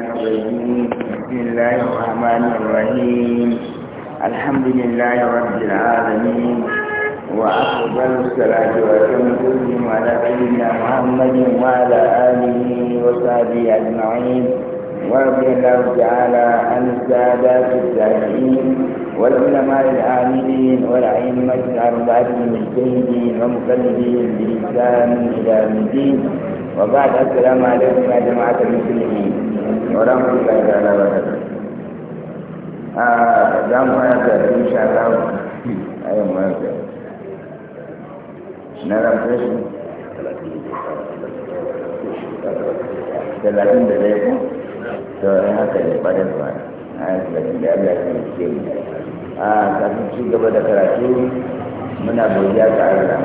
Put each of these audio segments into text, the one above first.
الشيطان الرجيم بسم الله الرحمن الرحيم الحمد لله رب العالمين وأفضل الصلاة وأتم التسليم على سيدنا محمد وعلى آله وصحبه أجمعين ورضي الله تعالى عن السادات التابعين والعلماء العاملين والأئمة الأربعة المجتهدين ومقلدين بإحسان إلى الدين وبعد السلام عليكم يا جماعة المسلمين wadda mu ga da alawa da a za mu haya da insha Allah ayon ma ga na ran fesu talatin da zai ku to yin haka ne ɓarin ba a yin talatin da Allah ke ke mu a kafin ci gaba da karatu muna godiya ga Allah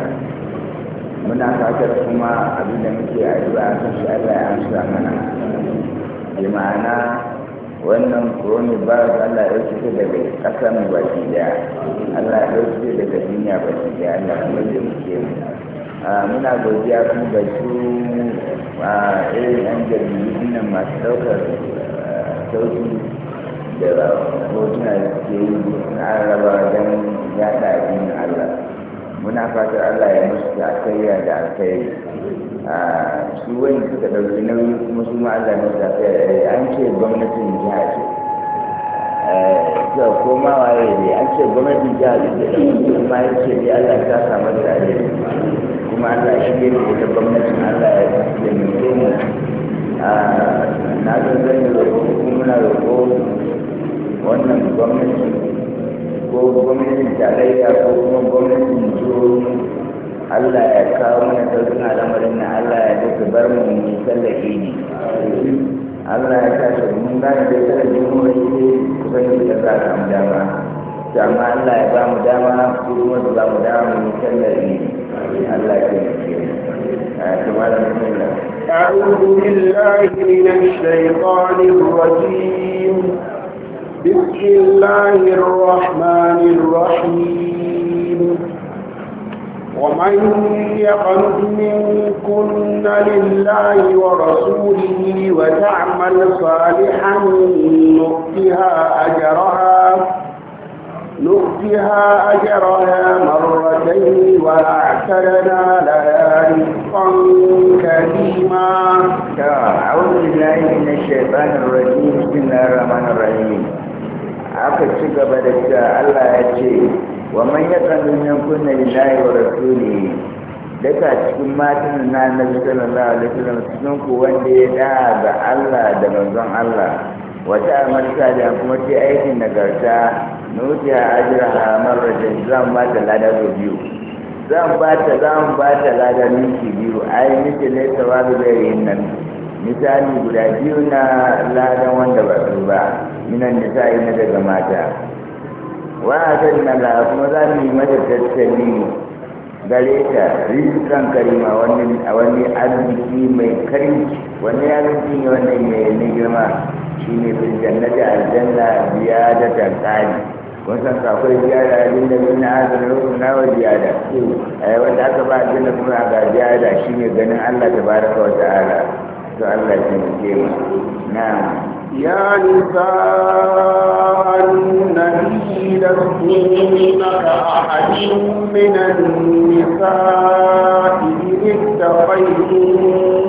muna fatar kuma abin da muke a yi ba a kan shi Allah ya amsa mana bi ma'ana wannan kuroni ba Allah ya fito daga kasan baki daya Allah ya fito daga duniya baki daya Allah kuma ya muke mu ah, muna godiya kuma ga su a ah, irin yan jami'in nan masu daukar ah, sauki da hotuna da suke yi na araba don yada addinin Allah muna fatar Allah ya musu ta da akayya su wani suka ɗauki nauyi kuma su ma Allah ne ta an ce gwamnatin jiha ce eh, ta koma waye ne an ce gwamnatin jiha ce da ɗan ma ya ce dai Allah ta samu da kuma Allah shi ne da gwamnatin Allah ya ce mu na san zan yi roƙo kuma muna roƙo wannan gwamnati ko gwamnatin tarayya ko kuma gwamnatin jihohi Allah ya kawo mana sauƙin al'amarin na Allah ya ce bar mu mu tsallake ne Allah ya sa mun gane da tsara jimuri kusan da za a samu dama to amma Allah ya ba mu dama ko kuma ba mu dama mu tsallake ne Allah ya ce أعوذ بالله من الشيطان الرجيم بسم الله الرحمن الرحيم ومن يقنط منكن لله ورسوله وتعمل صالحا نؤتها أجرها نؤتها أجرها مرتين وأعتدنا لها رزقا كريما أعوذ بالله من الشيطان الرجيم بسم الله الرحمن الرحيم عقد ci gaba da cewa ومن يقنط منكن لله ورسوله daga cikin matan na nabi sallallahu alaihi wasallam cikin ku wanda ya da ga Allah da manzon Allah wata amarta da kuma ce aikin nagarta nuti a ajira a da zan ba ta lada biyu zan ba ta zan ba ta lada minti biyu ai miki ne sawabi da yin nan misali guda biyu na ladan wanda ba su ba minan nisa'i na daga mata wa atanna la kuma za mu yi mata tattali gare ta rizkan karima wani a wani arziki mai karinci wani arziki ne wanda mai ne girma shi ne fil jannata aljanna biya ta kani kun san akwai da abin da bin azan rukuna wa ziyada ai wanda aka ba aljanna kuma ga shi ne ganin Allah tabaraka wa ta'ala to Allah ya yi mu na'am يا نساء النبي لستن كأحد من النساء إن اتقيتم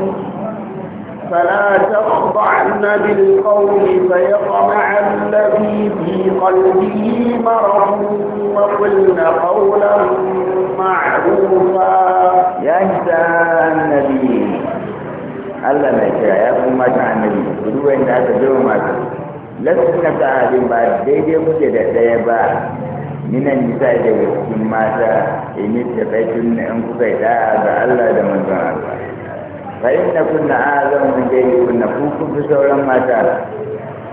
فلا تخضعن بالقول فيطمع الذي في قلبه مرض وقلن قولا معروفا يا نساء النبي Allah na kira ya fi mata annabi ku duba inda aka zo mata lasu na abin ba daidai kuke da ɗaya ba minan nisa da cikin mata in yi tafaitun na in kuka yi a ga Allah da manzon Allah fa na kunna azam min gairi kunna ku kun fi sauran mata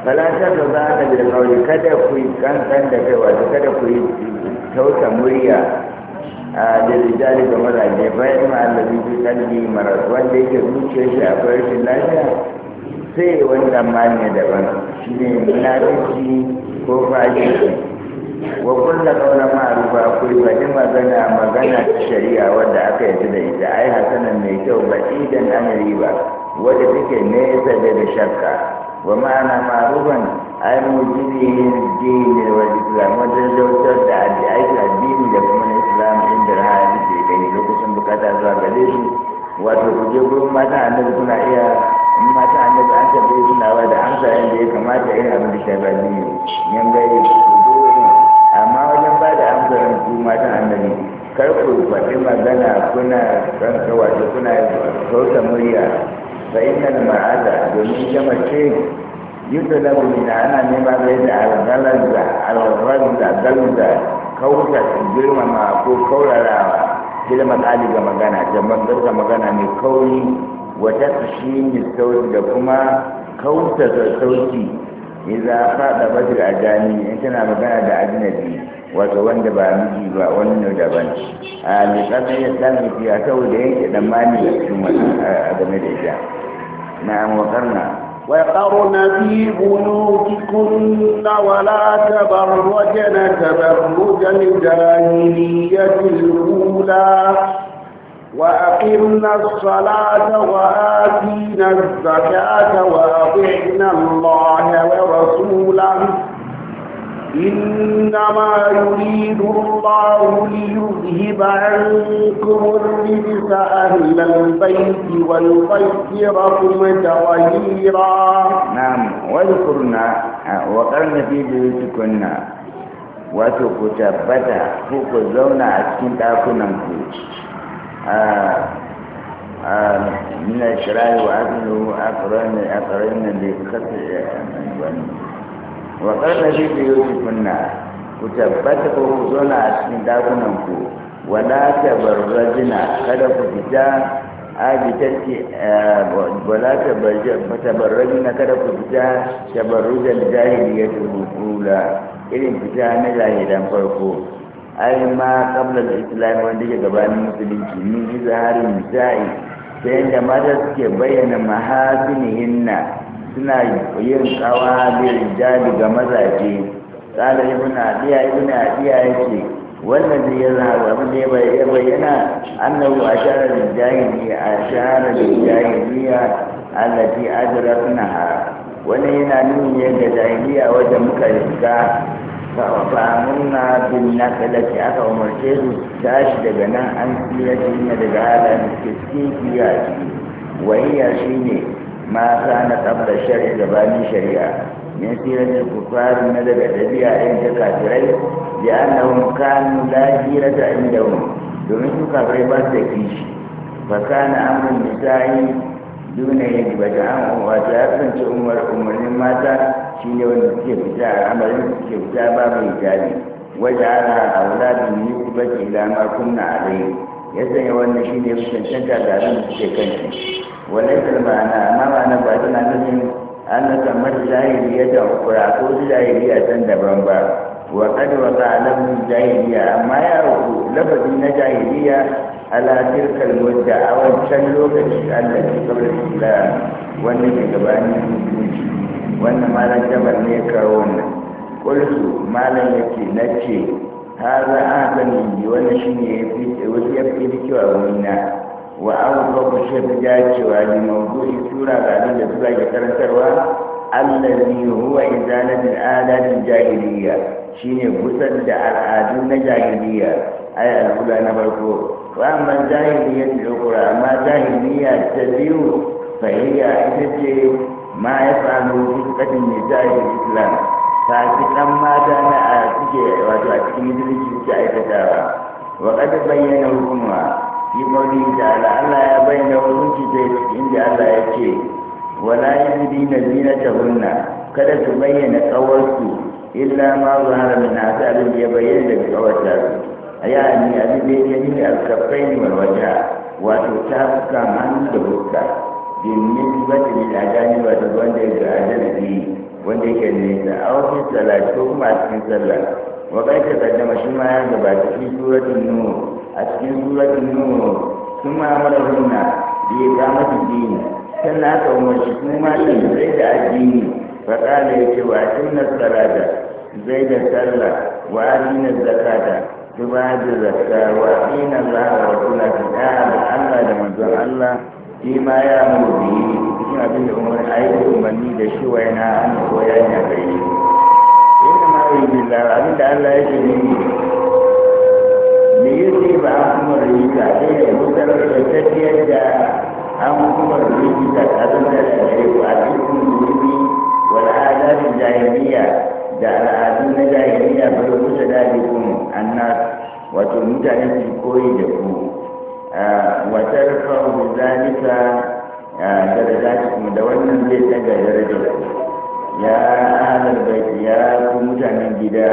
falatar da za ka da kauri kada ku yi kankan da kai wato kada ku yi tausa murya da rijali ga mazaje bayan ma'allabi fi kalbi maras wanda yake zuciyar shi a rashin lafiya sai wanda mani daban shi ne munafiki ko fajiki wa kulla kauna ma'arufa akwai bari magana magana ta shari'a wadda aka yi da ita ai hasanan mai kyau ba idan an riba wadda take nesa da shakka wa ma'ana ma'arufan ai mujibihin dini da islam wajen da aiki addini da kuma bukata zuwa gare shi wato ku je gurin matan annabi kuna iya in matan annabi an tambaye suna ba da amsa yadda ya kamata irin abin da shafi ne yan gari amma wajen ba da amsa ran su matan annabi kar ku faɗi magana kuna kanka wato kuna sauta murya fa na ma'aza domin ita mace yutalabu na ana nema bai da algalaza algalaza galza kauta girmama ko kaurarawa bil matsali ga magana da matsar magana mai kauri wata shi ne sauti da kuma kauta da sauki idan faɗa bajir a jani in tana magana da ajnabi wato wanda ba miji ba wannan daban a misalin ya sami fiya saboda yanke dan mani a cikin wani a game da ita na amwakarna وقرن في بيوتكن ولا تبرجن تبرج الجاهلية الأولى وأقمنا الصلاة وآتينا الزكاة وأطعنا الله ورسوله إنما يريد الله ليذهب عنكم الرجس أهل البيت ويطيركم تغييرا نعم واذكرنا وقرن في بيوتكن وتكتبت فوق tabbata أسكن ku zauna من الشراء وأكله أقرن أقرن بخطئ من wa ƙarfa shi ku yi kunna ku tabbata ko ku zauna a cikin dakunan ku wala ta barrajina kada ku fita abitarki eh, wala ta barrajina kada ku fita tabarrujan jahiliyatul ula irin fita na jahilan farko ai ma kabla da islam wanda ke gabanin musulunci min izaharin misa'i ta yadda mata suke bayyana mahasinihinna suna yin kawa da rijali ga mazaje qala ibnu adiya ibnu adiya ce. wannan da ya zaɓa abin da ya bayyana a ashara da jahiliya ashara da jahiliya allati adraknaha Wani yana nuni ne ga jahiliya wajen muka riga fa'amunna bin naqlati aka umarce su tashi daga nan an tsiyar daga halayen da suke ciki wa iya shine ma kana qabla shar'i gabanin shari'a min sirat al-kufar na daga dabi'a ɗin ta kafirai da annahum kanu la inda mu domin su kafirai ba su da kishi fa kana amrun nisa'i duna yaji ba an wato ya kasance umar umarnin mata shi ne wanda suke fita a amarin suke fita babu hijabi wajen ana a wula da ni kuma ila ma kunna a ya sanya wannan shi ne su cancanta da abin da suke kan وليس المعنى أما معنى بعدنا نفهم أن ثمة جاهلية أخرى كل جاهلية دبنبا وقد وقع لهم الجاهلية أما يعرفوا لفظ الجاهلية على تلك المدة أو الشلوك التي قبل الإسلام والنبي قبل وأن ما لم جبل يكرون قلت ما لم يكن نتشي هذا أعظم لي وأنا شنو يفيد ويفيد كيف wa abubuwa ku wa dacewa da mawudu'i tura ga abin da tura ke karantarwa allazi huwa izalatul adadin jahiliya shine gusar da al'adu na jahiliya ay al'ula na farko wa amma jahiliya ta ukura amma jahiliya ta biyu fa hiya ita ce ma ya faru ne nisa'i islam dan mata na a suke wato a cikin musulunci suke aikatawa wa kada bayyana hukuma fi da Allah ya bayyana hukunci sai inda Allah ya ce wala ta hunna kada su bayyana kawarsu illa ma zahara min abin da ya bayyana daga kawarta a yani ne da yake nuna alkafai ne waja wato ta fuska hannu da fuska domin bata ne da gani wa da wanda ya ga adalci wanda yake nesa a wasu salatu ko kuma a cikin sallah wa kai ka kaddama shi ma ya gabata cikin suratul nur a cikin suratun nur sun ma'amara hunna da ya ga masu dini na aka umarci kuma ma zai da addini da ya ce wa atin na sarada zai da sallah wa atin na zakata su ba da zakka wa atin na zahara wa kula su ɗaya da allah da manzon allah shi ma ya murbi cikin abin da umar aiki umarni da shi wa yana an koya ya yi ina ma yi bilawa abin da allah ya ce ne ne ba an kuma rijista sai da wutar da tafiyar da an kuma rijista ta zama da gare ku a cikin zurbi wal adadin jahiliya da al'adun na jahiliya bai kusa da bikun annas wato mutane su koyi da ku watar fa'u zalika da da zaki kuma da wannan zai taga da ku ya ahalar baiti ya ku mutanen gida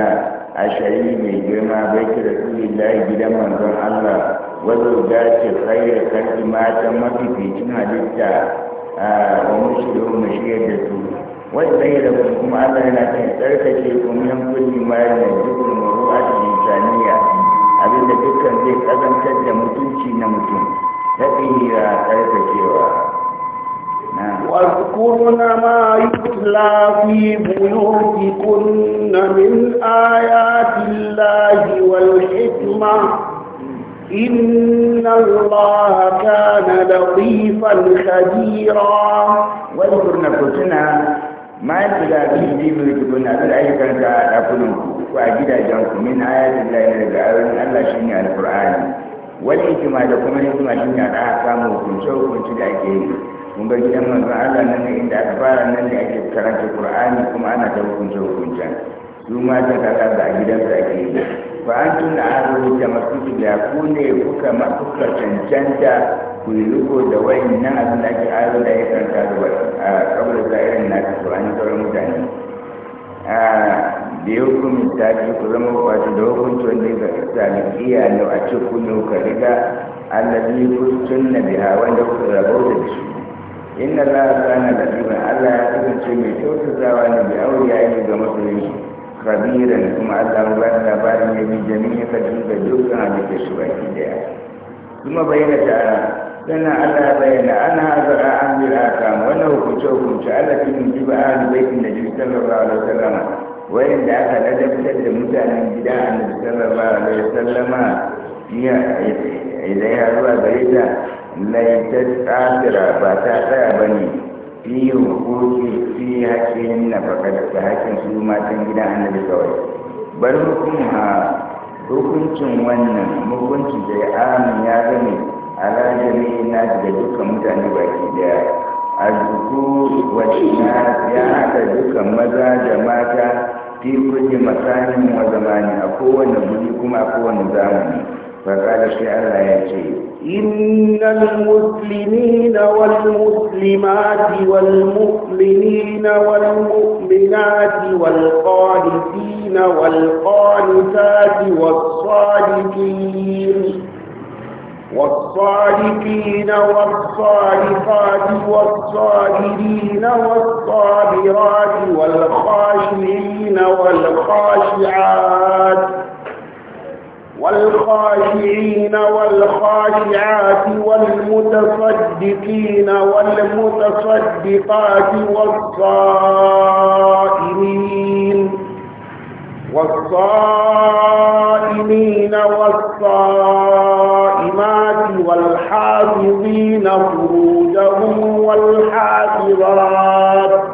a shari mai girma bai ta rasulillahi gidan manzon Allah wazo da ce khairu kalli mata mafificin halitta a wa mushiru mashiyar da su wadda ya rabu kuma Allah yana kan tsarkake kuma yan kulli ma yana jibin muru'ati insaniya abinda dukkan zai kazantar da mutunci na mutum ta tsira tsarkakewa واذكرن ما يتلى في بيوتكن من آيات الله والحكمة إن الله كان لطيفا خبيرا واذكرن كتنا ما يتلى في بيوتكن أبل أي وأجد أجنكم من آيات الله إلى الله شيء القرآن wani hikima da kuma hikima shi ne a samu hukunce hukunci da ake yi mun bar gidan manzon Allah nan ne inda aka fara nan ne ake karanta Qur'ani kuma ana ta hukunce hukunce su ma ta kaza da a gidan da ake yi Ba an tun da aka rubuta masu da ku ne kuka ma kuka cancanta ku yi riko da wayannan abin da ake aro da ya karanta da wani a kabar da irin na Qur'ani sauran mutane da ya hukumin tafi ku zama kwaci da hukunci wanda ya zalikiya ne a ce ku ne ka riga allazi kuntun na biha wanda ku rabauta da shi inna la na latifan allah ya kasance mai kyautatawa ne bi auriya ne ga masoyin shi kabiran kuma allah ba da labarin ya bi jami'a ka ga dukkan halittar shi baki daya kuma bayyana ta'ala sannan allah ya bayyana ana hazara an bi akam wannan hukunce hukunce allah kin bi ba ahli baitin nabi sallallahu alaihi wasallam da aka ladabtar da mutanen gida annabi sallallahu alaihi da ya idan ya zuwa gare ta laitar tsafira ba ta tsaya ba ne fi hukuki fi haƙƙin na fakarta da su matan gidan annabi kawai bar ha hukuncin wannan hukunci da ya amin ya gane a jami'in na daga dukkan mutane baki daya arziki wani ya haɗa dukan maza da mata tikuni matsayin wa zamani a kowane guri kuma a kowane zamani farfada shi allah ya ce inna al-muslimina wal-muslimati wal-muslimina wal-muslimati wal-qanitina wal-qanitati wal-sadikin والصادقين والصادقات والصابرين والصابرات والخاشعين والخاشعات والخاشعين والخاشعات والمتصدقين والمتصدقات والصائمين والصائمين والصائمين الظلمات والحافظين فروجهم والحافظات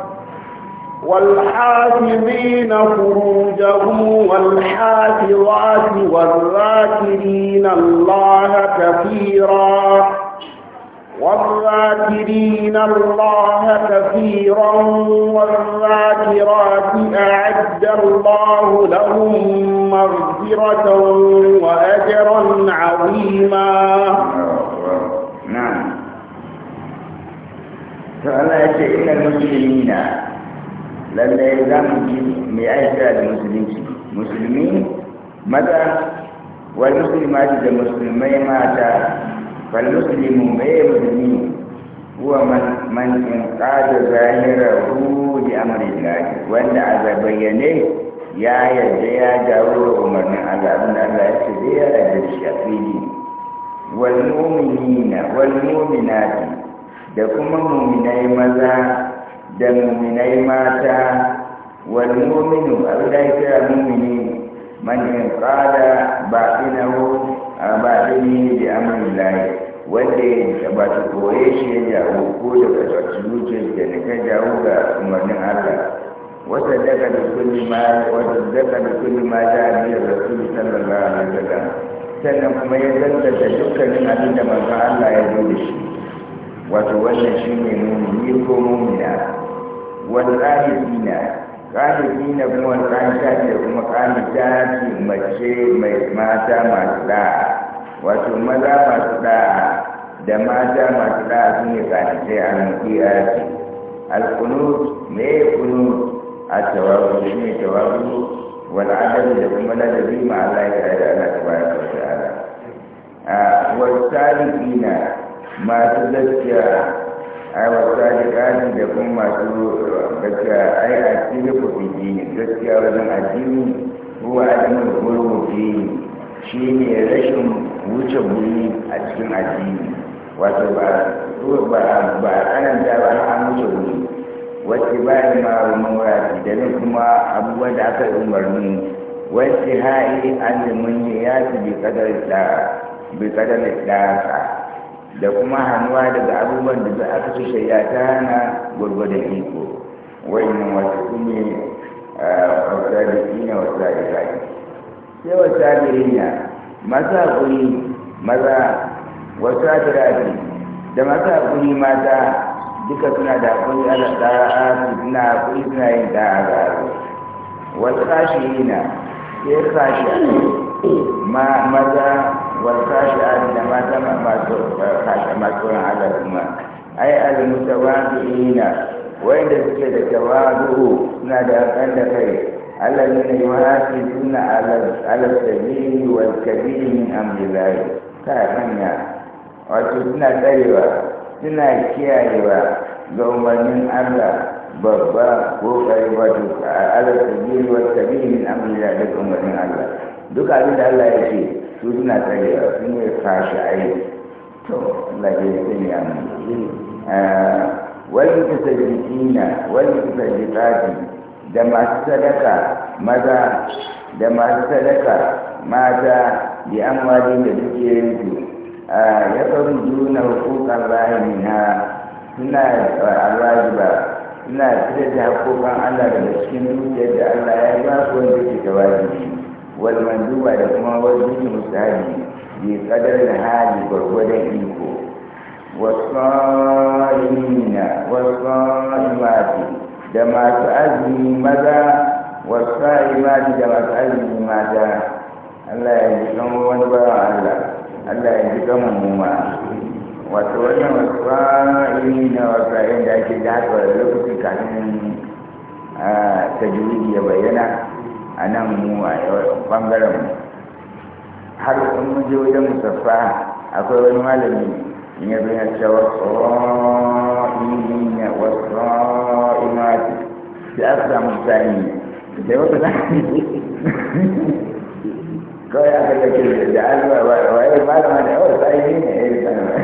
والحافظين فروجهم والحافظات والذاكرين الله كثيرا والذاكرين الله كثيرا والذاكرات أعد الله لهم مغفرة مغفرة وأجرا عظيما نعم فألا يتعين المسلمين لن يلزم مئات المسلمين مسلمين ماذا والمسلمات المسلمين ماذا فالمسلم غير مسلمين هو من من انقاذ ظاهره لامر الله وان عذاب يليه ya yarda ya dawo da umarnin Allah abin da Allah ya ce zai ya da shi a fili wal mu'minina da kuma mu'minai maza da mu'minai mata wal mu'minu abin da ya kira mu'mini man qala yi da bi amrillah wanda ya ba su koye shi ya jawo ko da kasar cikin zuciya da na ka jawo ga umarnin Allah وصدق بكل ما وصدق بكل ما جاء به الرسول صلى الله عليه وسلم sannan kuma ya zantata dukkanin abin da manzo Allah ya zo da shi wato wannan shi ne mumini ko mumina wal qanidina qanidina kuma wal qanidina kuma qanida ce mace mai mata masu da'a wato maza masu da'a da mata masu da'a su ne qanidai a mukiya al-qunut me qunut at-tawabushmi tawabuhu wal'adabi da kuma ladabi ma'alaika da ana tabbata wa ta'ala a wasalikina masu gaskiya a wasalikani da kuma masu gaskiya ai a cikin kwafiji gaskiya wajen addini ruwa da mulmulmuki shi ne rashin wuce buri a cikin addini wato ba a ba a ba a wuce buri wasu ma ma'aunin mawaki, da ni kuma abubuwan da aka yi umarni wasu ha'i an yi ya fi bi kadar da da kuma hannuwa daga abubuwan da za aka fi shari'a ta hana gwargwadon iko wannan wasu kuma wasabirina wasabirai sai wasabirina masu haƙuri maza wasabirati da masu haƙuri mata duka suna da kuɗi ana tsara asu suna kuɗi suna yin tsara ga su wasu sashi yi na ke sashi a maza wasu sashi a da mata masu kashe masu ran halar kuma ai alamu ta ba su yi na wanda suke da tawazu suna da kan da kai Allah ne ya wa fi sunna ala sabili wal kabili min amrillah ta hanya wato suna tsarewa suna kiyayewa ga umarnin Allah babba ko ƙari ba duka a Allah ta biyu wa ta min amurya da umarnin Allah duka abin da Allah ya ce su suna tsarewa sun yi fashi aiki to Allah ya sani a wani kusa والمتسجدات da masu sadaka maza da masu sadaka mata da amma da dukiyoyinsu ya kawo juna hukukan rahimina suna ba suna fitar da hakokan allah daga cikin dukiyar da allah ya ba su wanda ke da wajibi wani manduba da kuma wani wajibi musabi bi kadar da hali gwargwadon iko wasalimina wasalimati da masu azumi maza wasalimati da masu azumi mata allah ya ji kan wani bawan allah Allah ya ji gama muma wato wannan wasfa'ili na wasfa'ili da ake da haka lokaci kafin ta tajwidi ya bayyana a nan mu a bangaren mu har in mu wajen musaffa akwai wani malami in ya zo ya ce wasfa'ili na wasfa'imati sai aka samu sa'ili da wata kawai aka kake da alba waye malama da yawon sai ne ya yi sanar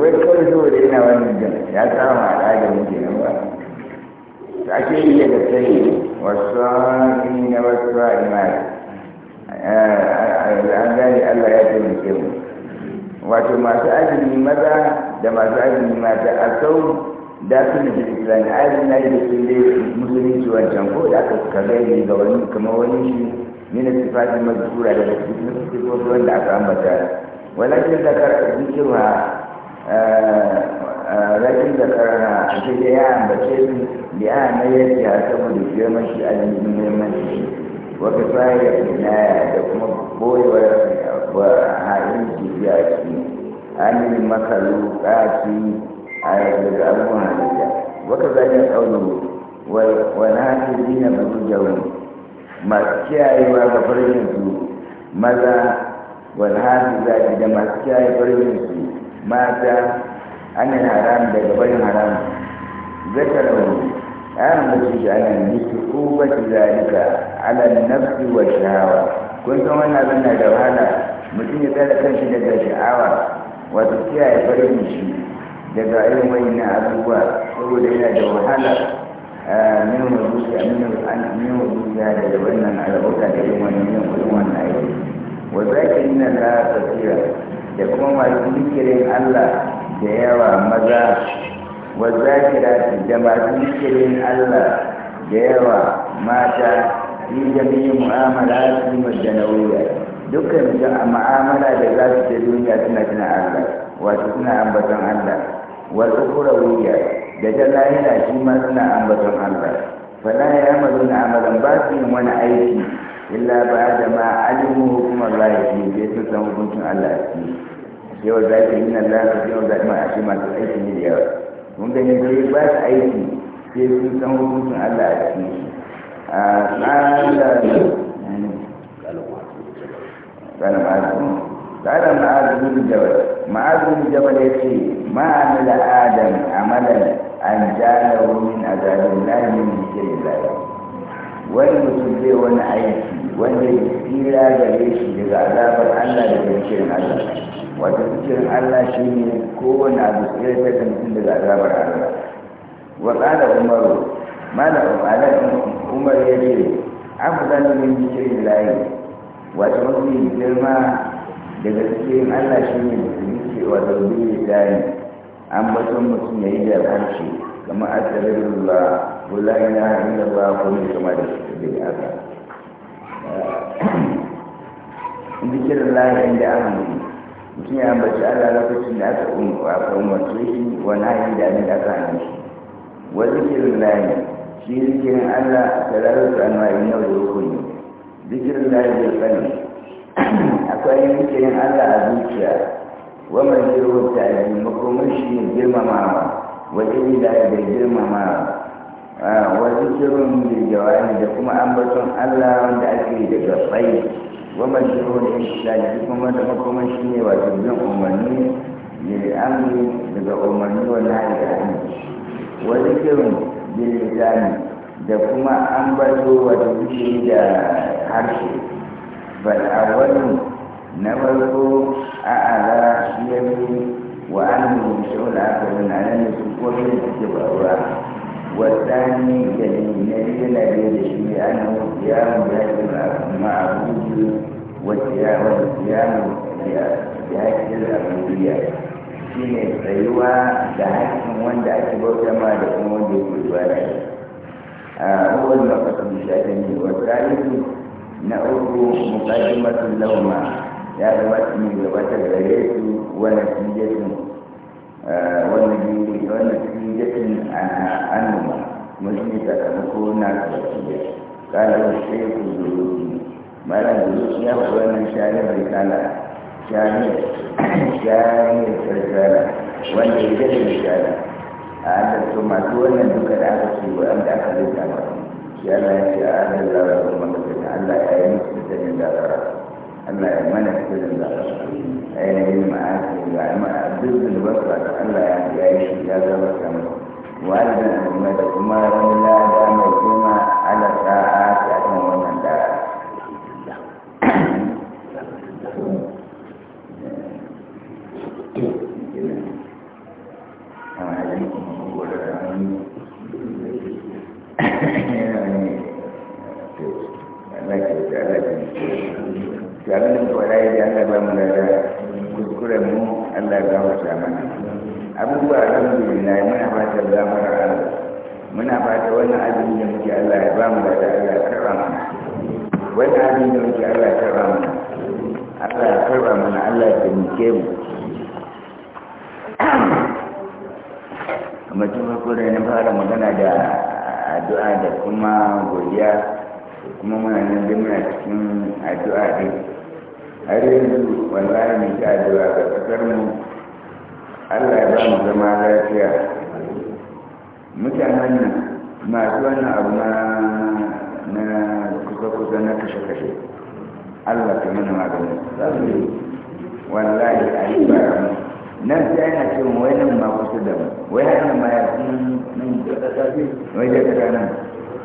wai kawai saboda yana wannan jin ya samu al'adar muke nan ba da ake iya da sai wasu ni na wasu a imani an gane allah ya taimake mu wato masu azumi maza da masu azumi mata a sau da su ne islami azumi na yi da sun ne musulunci wancan ko da aka kaga ne ga wani kamar wani shi من الصفات المذكورة لتثبيت الصفات وأن أتعمد ولكن ذكر ذكرها لكن ذكرنا شيئا بشيء لأن لأهميتها تبدو في مشي المهم وكفاية النهاية لكم بوي وحاين وهائم سياسي عن المخلوقات الأمهات وكذلك قوله ونهاك الدين بوجههم masu kiyayewa ga farin su maza za zaki da masu kiyaye farin su mata anil haram daga farin haram zakarau an mace shi ana nufi ko bace zalika ala nafsi wa shahawa kun san wannan abin na da wahala mutum ya tsara kanshi daga sha'awa wato kiyaye farin shi daga irin wani abubuwa saboda yana da wahala min wajusiya min wajusiya daga wannan albarka da yi wani yin kudin wannan aiki wa zaki na la da kuma masu zikirin Allah da yawa maza wa zakirati da masu zikirin Allah da yawa mata fi mu'amala su dukkan mu'amala da za su ta duniya suna tuna Allah wato suna ambaton Allah wal ukhrawiyya da ta lahira shi ma suna ambaton Allah fala ya amalu na amalan ba su yin wani aiki illa ba da ma alimu hukumar Allah shi sai sun san hukuncin Allah a ciki yau da ke yin Allah ka yau da ma a masu aiki ne da yawa mun gani sai ba su aiki sai sun san hukuncin Allah a ciki a tsarin da kalmar tsarin ma'azin jabal ma'azin jabal ya ce ma'amila adam amalan an ja na wurin a zarin lahirin da ke da zarin wani mutum zai wani aiki wanda ya tsira da reshi daga azabar allah da kirkirin allah wata kirkirin allah shi ne kowane abu tsira da kirkirin daga azabar allah wa tsada umaru mana umaru umar ya ce abu zanen yin kirkirin layi wata mutum girma daga cikin allah shi ne musulmi ce wa zaune da yi an batun mutum ya yi da harshe kamar ba wula ina inda ba ko ne kama da shi da haka zikirin lahi inda an mutu mutum ya ambaci allah lokacin da aka um, umarce shi wani hanyar da ni da aka hanyar shi wa zikirin lahi shi zikirin allah da rarrasu anwa'in yau da rukuni zikirin lahi da sani akwai zikirin Allah a zuciya wa man yirwa ta'azi makomar shi ne girmamawa wa illa da bai girmamawa wa zikirun bil jawani da kuma ambaton Allah wanda ake da gabbai wa man yirwa da insani kuma da makomar shi ne wato bin umarni da amri daga umarni wa nahi da hannu wa zikirun bil lisani da kuma ambato wato zikiri da harshe فالأول نوره أعلى يمين وعنه شعور آخر على النسوك والاتباع والثاني يلي النبي الذي يشفي أنه صيام بهجر معبود والصيام والصيام بهجر الأمريات shine tsayuwa da hakkin wanda ake bauta ma da kuma wanda yake ibada a wanda ka tabbata ne wa tsari na uku masu lauma ya gabata ne gabatar da yesu wani tijatin eh, wani wani tijatin annuma mutum ya sakamako na gabatar kala sai ku zuruki mara zuruki ya faɗi wannan shari'a bai kala shari'a shari'a karkara wanda ya gaɗa da shari'a a hannun masu wannan duka da aka ce wa aka zai kama shi Allah ya ce a hannun lawa da Allah ya yi musu tattalin gagara Allah ya mana tattalin gagara a yanayin ma'aƙi ga duk zunubansa da Allah ya yi shi ya zama kamar wa'adin da kuma ranar da mai kuma alaƙa'a wannan abin da muke Allah ya bamu da Allah ya karba mana wannan abin da muke Allah ya karba mana Allah ya karba mana Allah ya taimake mu kamar tun farko da na fara magana da addu'a da kuma godiya kuma muna nan da muna cikin addu'a dai har yanzu wallahi mai ta addu'a ga kasar mu Allah ya ba mu zama lafiya mutanen nan masu wannan abu na kusa-kusa na kashe-kashe allah ta mana maganin tsarni wallahi a yi bara nan ta yana ce wai nan ma kusa da mu wai hana ma ya fi nan wai da kaka nan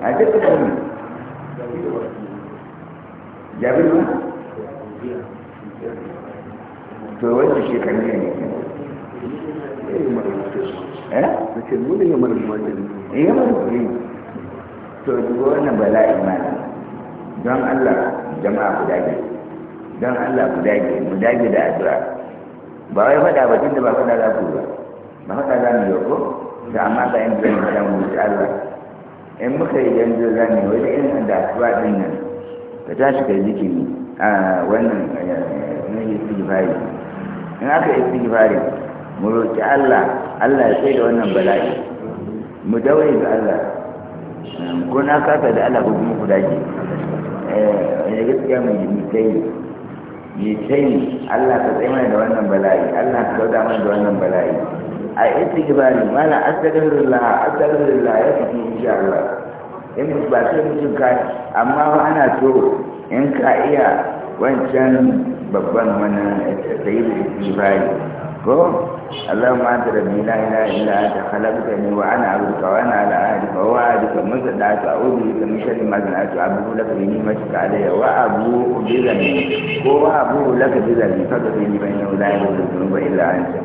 a duka kuma jabi ba to wani shekaru ne ne eh na ce mu ne ya mara kuma ce eh ya mara kuma to duk wannan bala'i ma don Allah jama'a guda ne don Allah guda ne mu dage da addu'a ba wai faɗa ba tunda ba faɗa za ku ba ba faɗa za mu yi ko da amma ga yin zan faɗa mu da Allah in muka yi yanzu za mu yi wani irin da addu'a ɗin nan ka tashi ka yi zikiri a wannan eh, na yi istighfari in aka yi istighfari mu roƙi Allah Allah ya sai da wannan bala'i mu dawai ga Allah ko na kafa da Allah ko kuma kudaje eh ne gaskiya mu yi kai yi kai Allah ka sai mana da wannan bala'i Allah ka dauda mana da wannan bala'i a istighfari mala astaghfirullah astaghfirullah ya fi insha Allah in ba sai mu ka amma ana so in ka iya wancan babban wannan eh, sayyid istighfari ko اللهم انت ربي لا اله الا انت خلقتني وانا عبدك وانا على عهدك ووعدك ما استطعت اعوذ بك من شر ما صنعت أعبد لك بنعمتك علي وأبوء بذنبي وأبوء لك بذنبي فاغفر لي فإنه لا يغفر الذنوب إلا أنت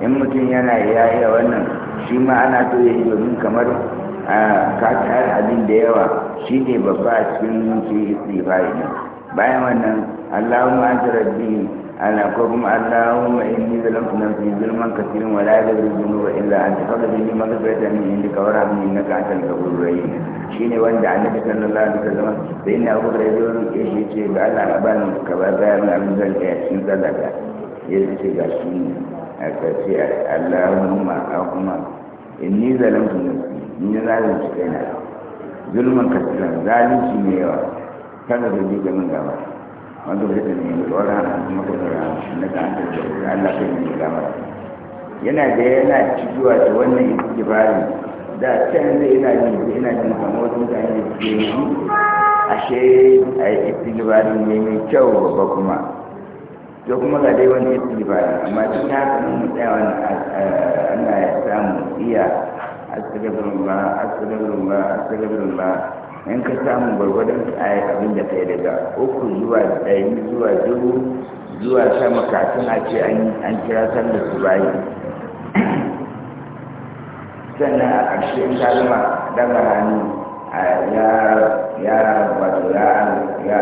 in mutum yana iya iya wannan shi ma ana so ya yi domin kamar ka tayar abin da yawa shi ne babba cikin cikin shi istighfari bayan wannan allahumma anta rabbi أنا أقوم اللهم إني ظلمت نفسي ظلما كثيرا ولا يغفر الذنوب إلا أنت فاغفر لي مغفرة من عندك وارحمني إنك أنت الغفور الرحيم شيني وند النبي صلى الله عليه وسلم فإن أبو هريرة يقول إيش يجي بعد أبان كبابا من أبن ذلك يحسن ذلك يجي غشيم أكثي اللهم أقوم إني ظلمت نفسي إني ظالمت كينا ظلما كثيرا ظالمت ميوا كان ذلك من غفر wanda bai da ne wani hana kuma na da Allah kai da yana da yana cikiwa da wannan istighfarin da can zai yana yana kamar da ke yi ashe a yi ne mai kyau babba kuma to kuma ga dai wani istighfarin amma tun da haka mun tsaya wannan ya samu iya ba in ka samu gwargwadon kayan abin da kai daga uku zuwa ɗari zuwa dubu zuwa sama kafin a ce an kira san da su bayi sannan a ƙarshe in kalma daga hannu a ya wato ya ya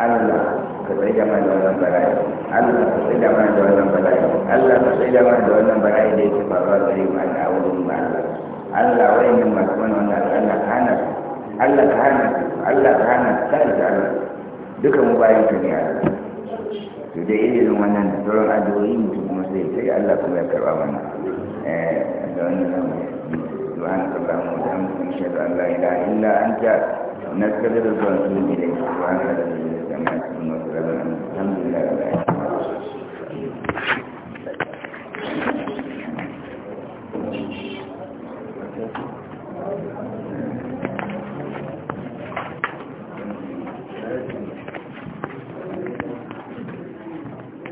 allah ka tsaye da mana da wannan bala'i allah ka tsaye da mana da wannan bala'i allah ka tsaye da mana da wannan bala'i da ya yake faruwa gare ma a da'awar mu allah allah ne masu mana wannan allah hana su Allah ka hana Allah ka hana kai da Allah duka mu bayin ka ne Allah to da irin wannan da addu'o'i mutum kuma sai sai Allah kuma ya karba mana eh da wannan zamu سبحانك اللهم وبحمدك نشهد ان لا اله الا انت نستغفرك ونتوب اليك سبحانك الذي لا اله الا انت الحمد لله رب العالمين